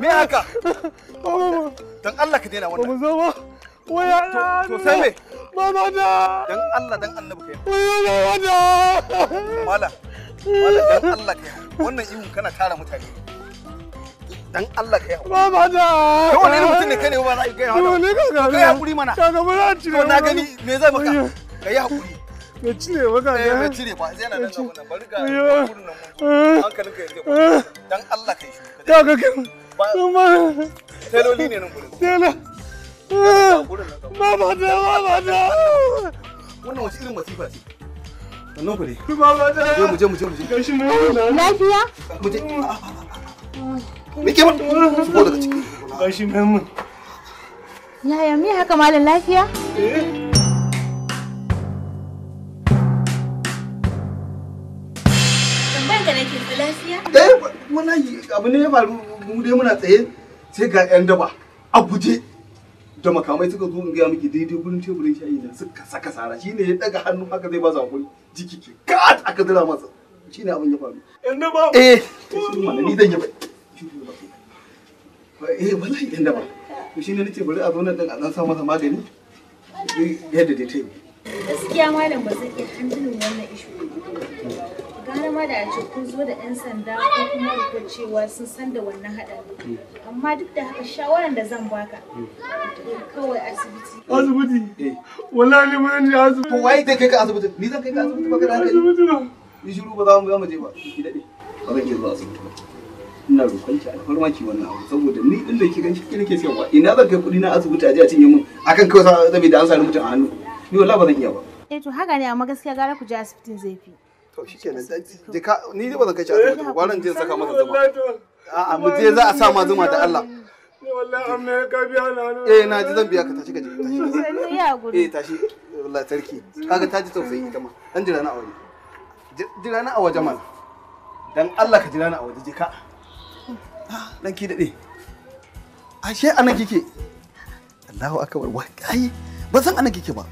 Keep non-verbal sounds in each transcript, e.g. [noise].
me haka dan Allah ka daina wannan ba mu zo ba waya to sai me mama da dan Allah dan annabi kai waya wada mala mala dan Allah kai wannan kana tara mutane dan Allah kai mama da to wani mutum ne kai ba za ka kai hakuri kai hakuri mana to na gani me zai maka kai hakuri ya cire ba ka ya eh, cire ba zai na nan nan bari ga gurin nan eh. hankalin ka eh. dan Allah kai shi ka ga kin ma teloli ne nan gurin tela ba ba da ba ba da wannan irin masifa ce ku ne mu je mu je mu je gashi lafiya mu je me ke mun ko daga ciki gashi mun yaya me haka malam lafiya eh wallahi abu ne ya faru mu dai muna tsaye sai ga yan daba a guje da makamai suka zo in gaya miki daidai gurin teburin shayi na suka saka sara shi ne ya daga hannu haka zai ba su hakuri jiki ke kat aka zira masa shi ne abin ya faru yan daba eh shi ne ni zan yi eh wallahi yan daba to shi ne nace bari a zo nan din a dan sa masa magani yadda dai ta yi gaskiya malam ba zai iya handling wannan issue gara ma da ce kun zo da 'yan sanda ko kuma da cewa sun san da wannan haɗari amma duk da haka shawaran da zan baka kawai asibiti asibiti eh. wallahi mun ne asibiti to wai da kai ka asibiti ni zan kai ka asibiti ba ka da asibiti ba ni shiru ba za mu ga mu je ba ki dade ba zan iya zuwa asibiti ba ina roƙon ki alfarma ki wannan abu saboda ni din da ki ganshi ki nake siyarwa ina zan kai kuɗi na asibiti a je a cinye mun akan kawai saboda da an sari mutum a hannu ni wallahi ba zan iya ba eh to haka ne amma gaskiya gara ku je asibitin zai fi to shikenan jika ni ba zan kai shi asibiti ba eh, gwaran jin saka masa zuma a'a mu je za a sa ma zuma da Allah wallahi amma ya ka biya na eh na ji zan biya ka tashi ka je tashi ya guri eh tashi wallahi sarki kaga ta ji tausayi ita ma dan jira na a waje jira na a waje mal dan Allah ka jira na a waje jika dan ah, ki daɗe ashe anan kike Allahu akbar wa kai ba san anan kike ba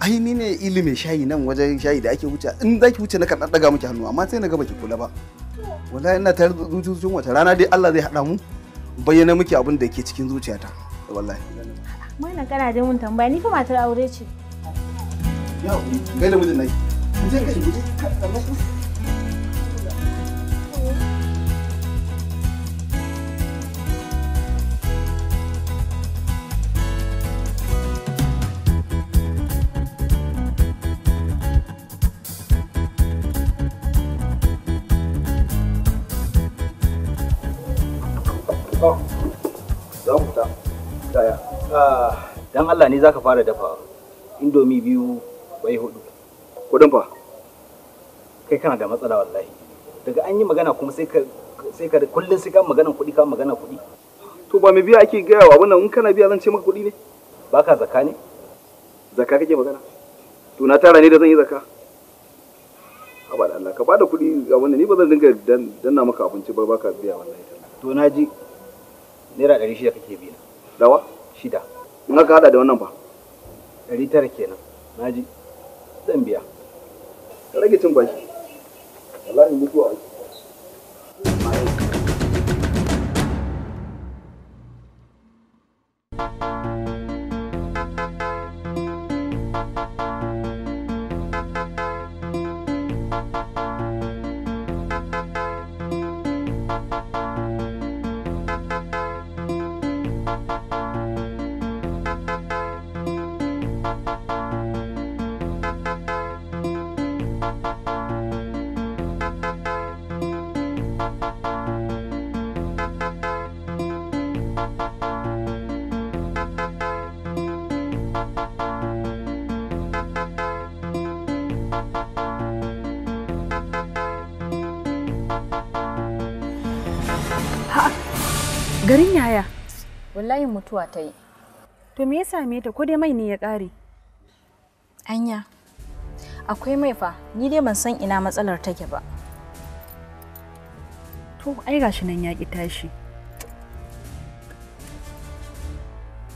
ai ni ne ilimin shayi nan wajen shayi da ake wuce in zaki wuce na kan daga miki hannu amma sai na ga baki kula ba wallahi ina tare da zuciyoyin wata rana dai Allah zai hada mu bayyana miki abin da ke cikin zuciyata wallahi na kana da mun tambaya ni fa matar aure ce gaida mijin je ka guje ka mutane za ka fara dafawa indomi biyu bai hudu kudin fa kai kana da matsala wallahi daga an yi magana kuma sai ka sai ka kullun sai ka magana kuɗi ka magana kudi to ba mai biya ake gaya wa wannan in kana biya zan ce maka kuɗi ne baka zaka ne zaka kake magana to na tara ne da zan yi zaka haba da Allah ka bada kuɗi ga wannan ni ba zan dinga danna maka abinci ba baka biya wallahi to na ji naira 600 kake biya dawa shida in aka hada da wannan ba ɗari tara kenan naji zan biya ka rage cin bashi wallahi mutuwa Thank you. garin yaya wallahi mutuwa ta yi to me ya same ta ko dai mai ne ya kare. anya akwai mai fa ni dai ban san ina matsalar take ba to ai gashi nan ya ƙi tashi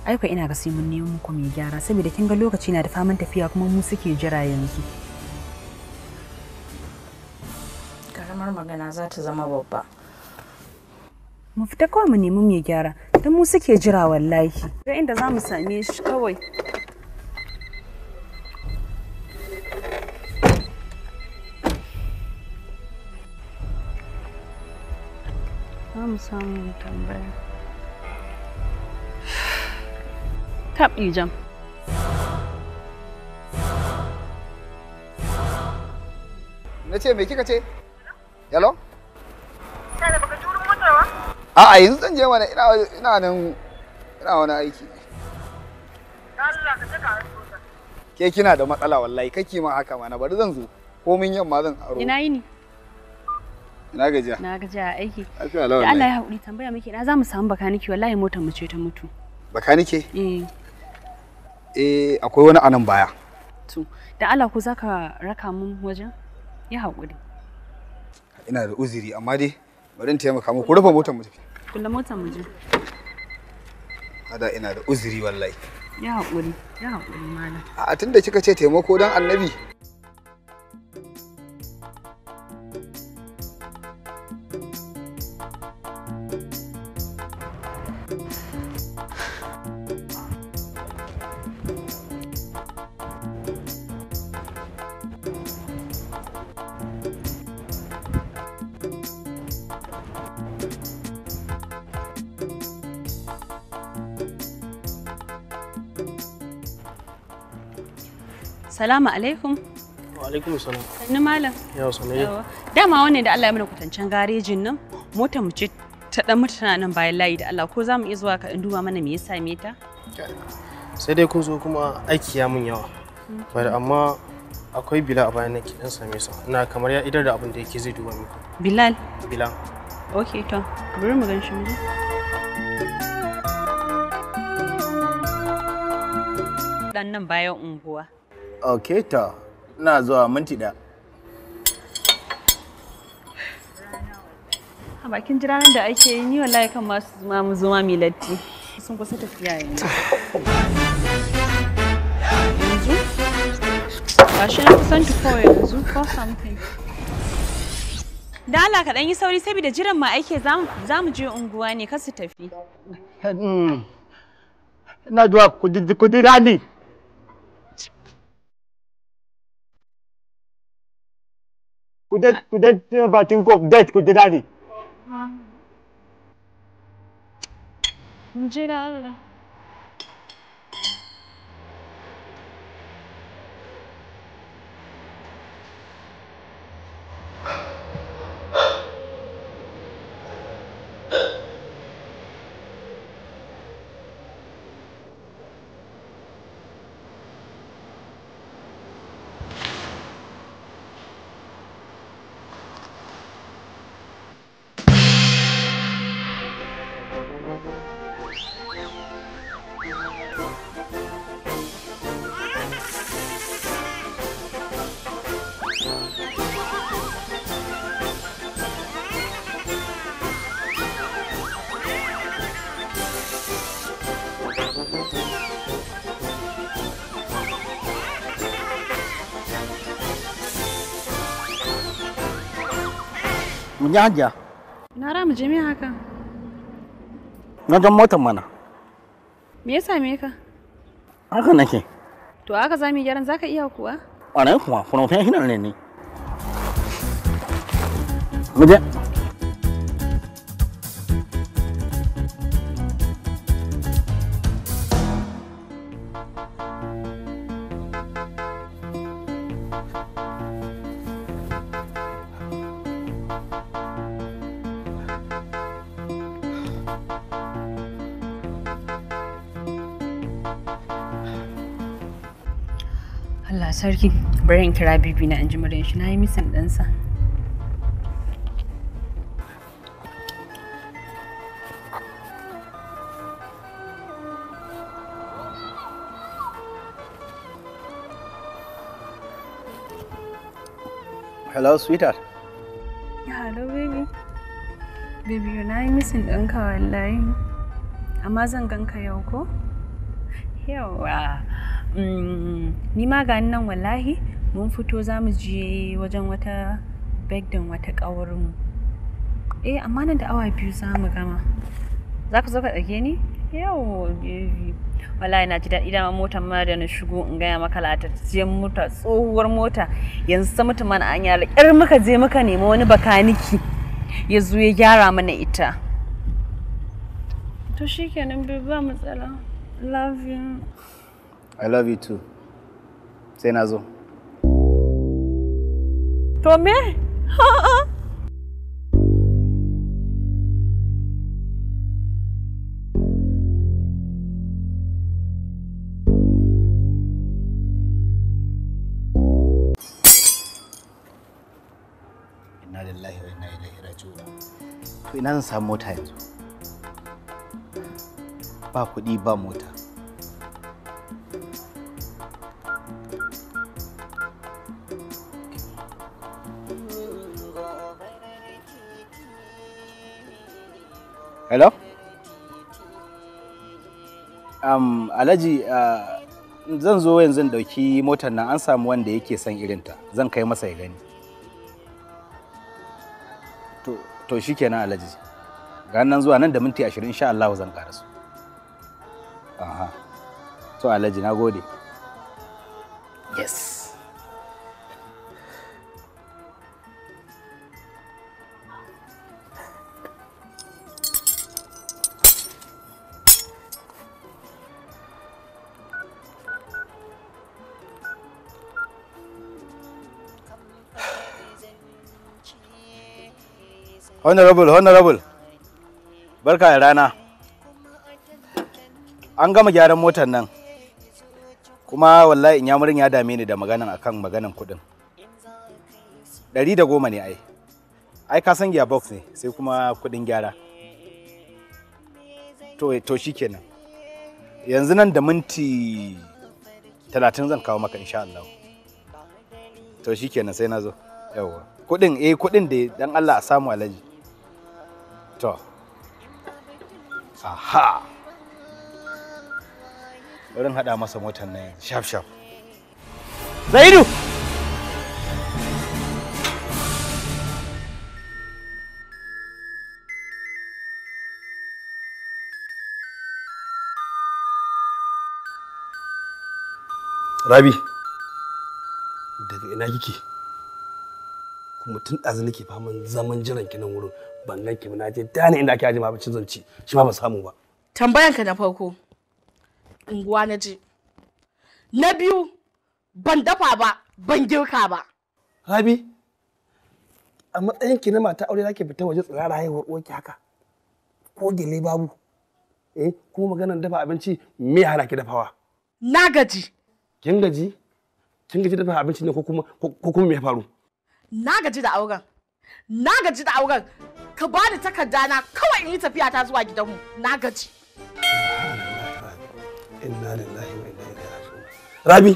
aiko ina ga sai mun nemo muku mai gyara saboda kin ga lokaci na da faman tafiya kuma mu suke jira yanzu karamar magana za ta zama babba mafita kawai mu nemi mai gyara don mu suke jira wallahi ga inda za mu same shi kawai za mu samu tambaya taɓi jam na ce me kika ce yalo a'a yanzu zan je mana ina nan ina wani aiki ke kina da matsala wallahi kake ma haka mana bari zan zo ko min yamma zan aro ina yini ina gajiya na gajiya aiki lafiya lawa Allah ya haƙuri tambaya muke na zamu samu bakaniki wallahi motar mu ce ta mutu bakanike eh eh akwai wani anan baya to da Allah ku zaka raka mun wajen ya haƙuri ina da uzuri amma dai bari in taimaka ku rufe motar mu tafi Kula motar mu je. kada ina da uzuri wallahi. Ya haƙuri, ya haƙuri malam. A tunda kika ce taimako don annabi. Salamu alaikum. Wa alaikum salam. Sannu malam. Yawa sannu. Dama wannan da Allah ya mana kutancen garejin nan mota mu ce ta dan mutana nan bayan layi da Allah ko za mu iya zuwa ka duba mana me ya same ta? Sai dai kun zo kuma aiki ya mun yawa. Bari amma akwai Bilal a bayan nake dan same sa. Ina kamar ya idar da abin da yake zai duba muku. Bilal? Bilal. Okay to, bari mu gan shi mu. Dan nan bayan unguwa. ok ta na zuwa minti da a bakin jiranin da ake yi ni wallahi masu zuma mu zuma mai latti sun kusa tafiya yanzu ba shi na kusan yanzu ko something da Allah ka dan yi sauri saboda jiran ma aike za mu je unguwa ne kar su tafi hmm. na zuwa Cu det bat un cop, det cu dedari. În general. Da. Mun yi hajiya. Na ra mu haka? Na jan motar mana. Me ya same ka? Haka nake. To haka za mu yi gyaran zaka iya kuwa? a kuwa, kuma fa hinan ne ne. Mu je. Allah sarki bari in kira bibi na in ji muryar shi na yi misin ɗansa. Hello, sweetheart. Hello, baby. Baby, na yi misin ɗinka wallahi. Amma zan ganka yau ko? Yawa. ni ma ga nan wallahi mun fito za mu je wajen wata birthday wata ƙawarmu eh amma nan da awa biyu za mu gama za ka zo ka ɗage ni yawo baby wallahi na ji daɗi dama motar ma da na shigo in gaya maka latatacciyar mota tsohuwar mota yanzu ta mutu mana an yara ƙyar muka je muka nemi wani bakaniki ya zo ya gyara mana ita to shikenan bai ba matsala love you I love you too. Sai na zo. To me? [laughs] Inna lillahi wa inna ilaihi raji'un. To ina zan samu mota yanzu? Ba kuɗi ba mota. hello um, alhaji uh, zan zo yanzu ɗauki motar nan an samu wanda yake son irinta zan kai masa ya gani to, to shi kenan alhaji ga nan zuwa nan da minti ashirin insha Allah zan kara su aha to alhaji na gode yes honorable honorable barka da rana an gama gyaran motar nan kuma wallahi in yamurin ya dame ni da maganan akan maganan kudin ɗari da goma ne ai ai ka san box ne sai kuma kudin gyara to, to shikenan yanzu nan da minti talatin zan kawo maka insha Allah to shi sai na zo yawa kudin eh kudin da dan Allah a samu alaji to aha bari haɗa masa motar nan shaf shaf zaidu Rabi, daga ina kike? kuma tun ɗazu nake faman zaman jiran ki nan wurin ban ganki ba na je da ne inda ake ajiye abincin zance shi ma ba samu ba tambayan ka na farko unguwa na je na biyu ban dafa ba ban girka ba rabi a matsayin ki na mata aure zaki fita waje tsirara haihuwar uwarki haka ko gele babu eh kuma maganar dafa abinci me hana ki dafawa na gaji kin gaji kin gaji dafa abinci ne ko kuma ko kuma me ya faru na gaji da auren na gaji da auren ka ba da takarda na kawai in yi tafiya ta zuwa gidanmu na gaji rabi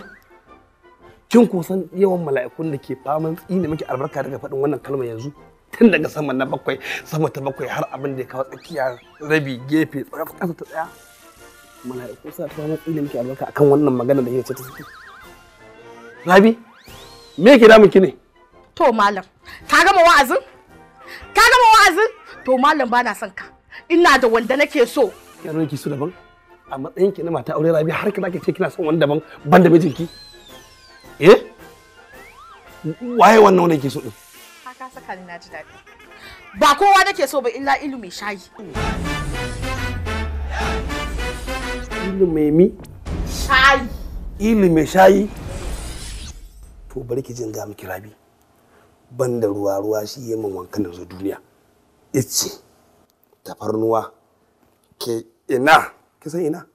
kin ko san yawan mala'ikun da ke faman tsine muke albarka daga faɗin wannan kalmar yanzu tun daga sama na bakwai sama ta bakwai har abin da ya kawo tsakiya rabi gefe tsakasa ta tsaya mala'iku sa ta wani tsine muke albarka akan wannan magana da yake ta suke rabi me yake damun ki ne to malam ka gama wa'azin ka gama wa'azin to malam bana son ka ina da wanda nake so ki ran ki su daban a matsayin ki na mata aure rabi har ka zaki ce kina son wani daban ban da mijinki eh waye wannan wanda yake so din ka ka saka ni na ji dadi ba kowa nake so ba illa ilu mai shayi ilu mai mi shayi ilu mai shayi to bari ki jin ga miki rabi Banda ruwa ruwa shi ya min wanka da zo duniya ice tafarnuwa ke ina san ina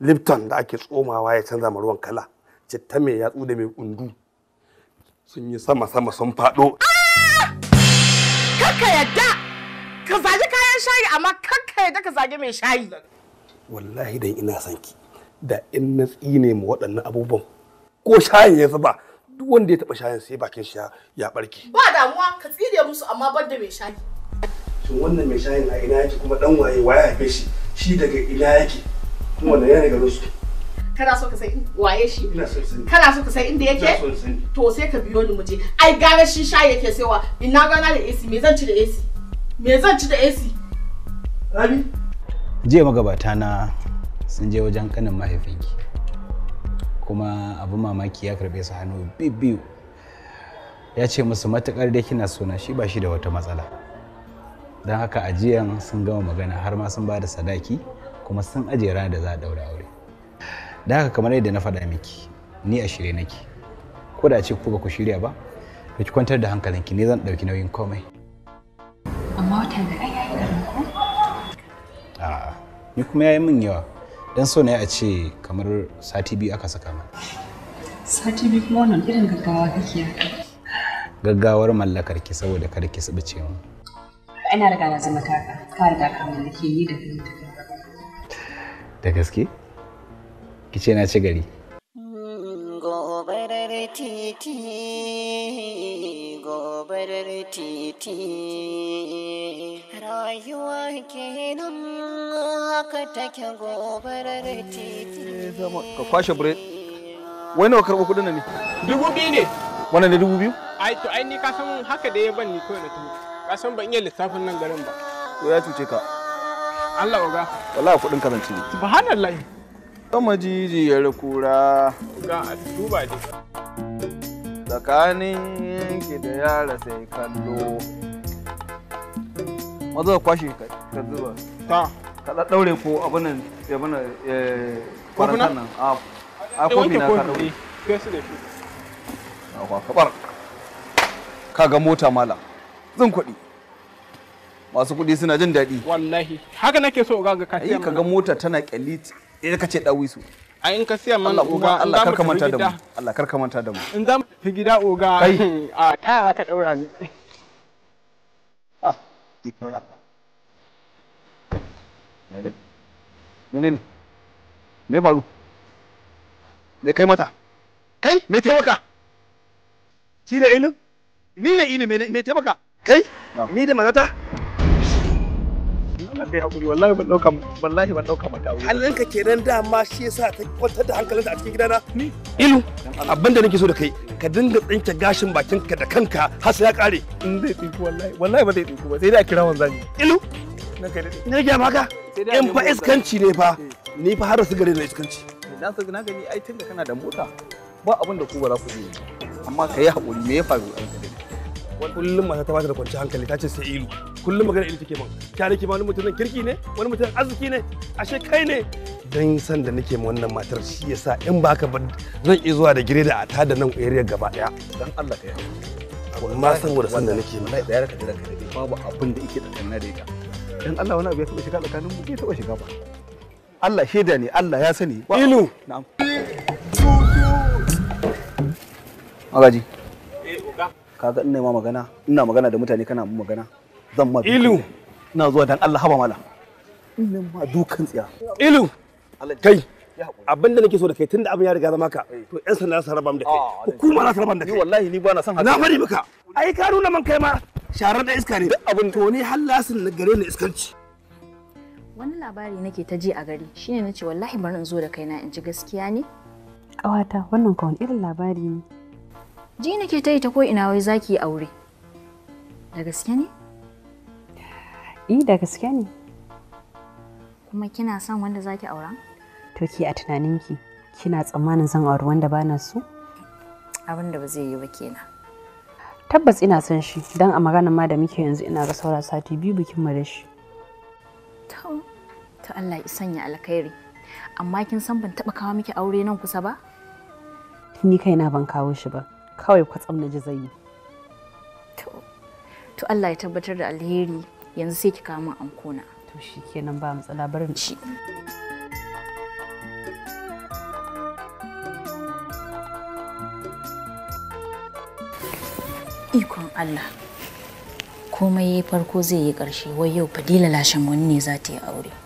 lipton da ake tsomawa ya canza ma ruwan kala citta mai yatsu da mai kundu sun yi sama sama sun faɗo kakka yadda ka zagi kayan shayi amma kakka yadda ka zagi mai shayi wallahi dan ina son ki da in na tsine mu waɗannan abubuwan ko shayin ya zuba duk wanda ya taɓa shayin sai bakin shi ya barke. Ba damuwa ka tsire musu amma ban da mai shayi. Shin wannan mai shayin a ina yake kuma dan waye waye haife shi shi daga ina yake kuma wannan yana garin su. Kana so ka san waye shi? Ina so sani. Kana so ka san inda yake? Ina so sani. To sai ka biyo ni muje. Ai gara shi shayi yake saiwa ina gana da AC me zan ci da AC? Me zan ci da AC? Rabi? Jiya magabata na sun je wajen kanin mahaifinki. kuma abin mamaki ya karɓe su hannu biyu ya ce musu matukar da kina suna shi ba shi da wata matsala don haka ajiyan sun gama magana har ma sun ba da sadaki kuma sun ajiye rana da za a daura aure Don haka kamar yadda na faɗa miki ni a shirye nake ko da ce ku ba ku shirya ba to ki kwantar da hankalinki ne zan ɗauki nauyin komai amma wata da ai ko a'a ni kuma yayi min yawa dan so ne a ce kamar sati biyu aka saka mana sati biyu kuma wannan irin gaggawa kake gaggawar mallakar ki saboda kar ki ce mu ina riga na zama taka ka riga ka mallake ni da kai da gaske ki ce na ci gari gobarar titi gobarar titi rayuwa kenan haka take gobarar titi eh, ka kwashe bure wai nawa karɓo kuɗin ne dubu biyu ne wannan ne dubu biyu ai to ai ni ka san haka da ya ban ni kawai na tuni ka san ban iya lissafin nan garin ba to ya cuce ka Allah oga wallahi kuɗin kazanci ne subhanallahi Kama jijiyar kura. Ga a duba dai. Tsakanin yanki da yara sai kallo. mazo ka kwashe ka zuba. Ta. Ka da daure ko abin nan ya bana eh, kwarantan nan. A kofi na ka daure. Eh, fesu da shi. Kabar. Ka ga mota mala. Zan kuɗi. masu kuɗi suna jin daɗi wallahi haka nake so ga ka siya ka ga mota tana kyalli idan eh, ka ce dawi su a in ka siya mana oga Allah karka manta da mu Allah karka manta da mu in za mu fi gida oga kai a [laughs] ah. taya ka daura ni ah me faru me kai mata kai me taimaka shi da ilin ni ne ilin me taimaka kai ni da mazata Allah dai wallahi ban ɗauka wallahi ban mata ka kenan dama shi yasa ta kwantar da hankalin a cikin gidana ilu abin da so da kai ka dinga tsinke gashin bakinka da kanka har sai ya kare in zai tsinku wallahi wallahi ba zai tsinku ba sai dai a kira ilu na gaya maka in fa iskanci ne fa ni fa har su gare na iskanci dan su na gani ai tunda kana da mota ba abin da ku ba za ku yi amma ka yi haƙuri me ya faru wani kullum mata ta bata da kwanci hankali ta ce sai ilu kullum magana ilu take man ta ke ma wani mutumin kirki ne wani mutumin arziki ne ashe kai ne dan san da nake ma wannan matar shi yasa in ba ka zan iya zuwa da gireda a ta da nan area gaba daya dan Allah ka yi amma saboda san da nake ma da yarka da kai babu abin da yake tsakanin da ita dan Allah wani abu ya taba shiga tsakanin mu bai taba shiga ba Allah shaida ne Allah ya sani ilu na'am magaji kaga ina ma magana ina magana da mutane kana mun magana zan ma ilu ina zuwa dan Allah haba mala ina ma dukan tsiya ilu kai abin da nake so da kai tunda abin ya riga zama ka eh. to yan sanda su raba da kai ah, hukuma na su raba da kai wallahi ni ba na san haka na bari maka ai ka nuna man kai ma sharar da iska ne abin to ni hallasin na gare ni iskanci wani labari nake ta ji a gari shine nace wallahi bari in zo da kaina in ji gaskiya ne Awata, wannan kawai irin labari ne Ji nake ta yi ta ko ina wai zaki yi aure. Da gaske ne? I eh, da gaske ne. Kuma kina son wanda zaki aura? To ki a tunaninki kina tsammanin zan auri wanda ba na so? Abin da ba zai yi ba kenan. Tabbas ina son shi don a maganar ma da muke yanzu ina ga saura sati biyu bikin mu da shi. To, Allah ya sanya alkhairi. Amma kin san ban taba kawo miki aure nan kusa ba? Ni kaina ban kawo shi ba. kawai kwatsam na ji zai to Allah ya tabbatar da alheri yanzu sai ki kawo min ankona to kenan ba matsala barin ci ikon Allah komai farko zai yi ƙarshe wai yau fadila lashin wani ne za ta yi aure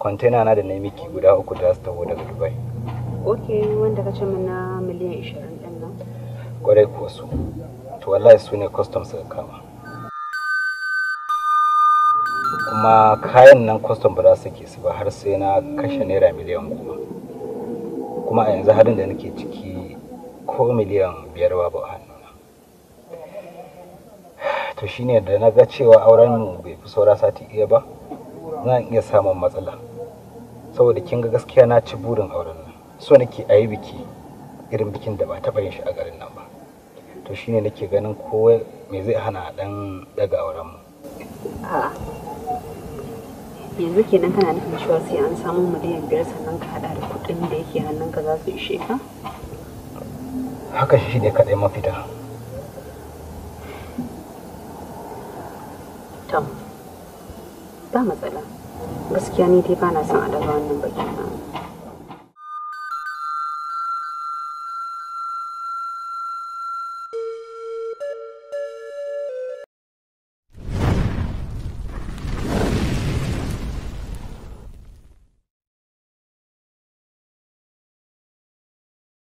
kwantena na da na miki guda uku da su taho daga dubai ok wanda ka ce na miliyan 20 din nan kwarai kuwa su to wallahi su ne kwastam suka kama kuma kayan nan kwastam ba za su ke su ba har sai na kashe naira miliyan goma kuma a yanzu harin da nake ciki ko miliyan biyar babu a hannuna to shine da na ga cewa auren bai fi saura sati iya ba zan iya samun matsala saboda kin ga gaskiya na ci burin auren nan so nake a biki irin bikin da ba taɓa yin shi a garin nan ba to shine nake ganin ko me zai hana dan daga auren mu yanzu kenan kana nufin cewa sai an samu miliyan biyar sannan ka hada da kuɗin da yake hannunka za su ishe ka haka shi ne kaɗai mafita tam ba matsala gaskiya ni dai ba na son a daga wannan bakin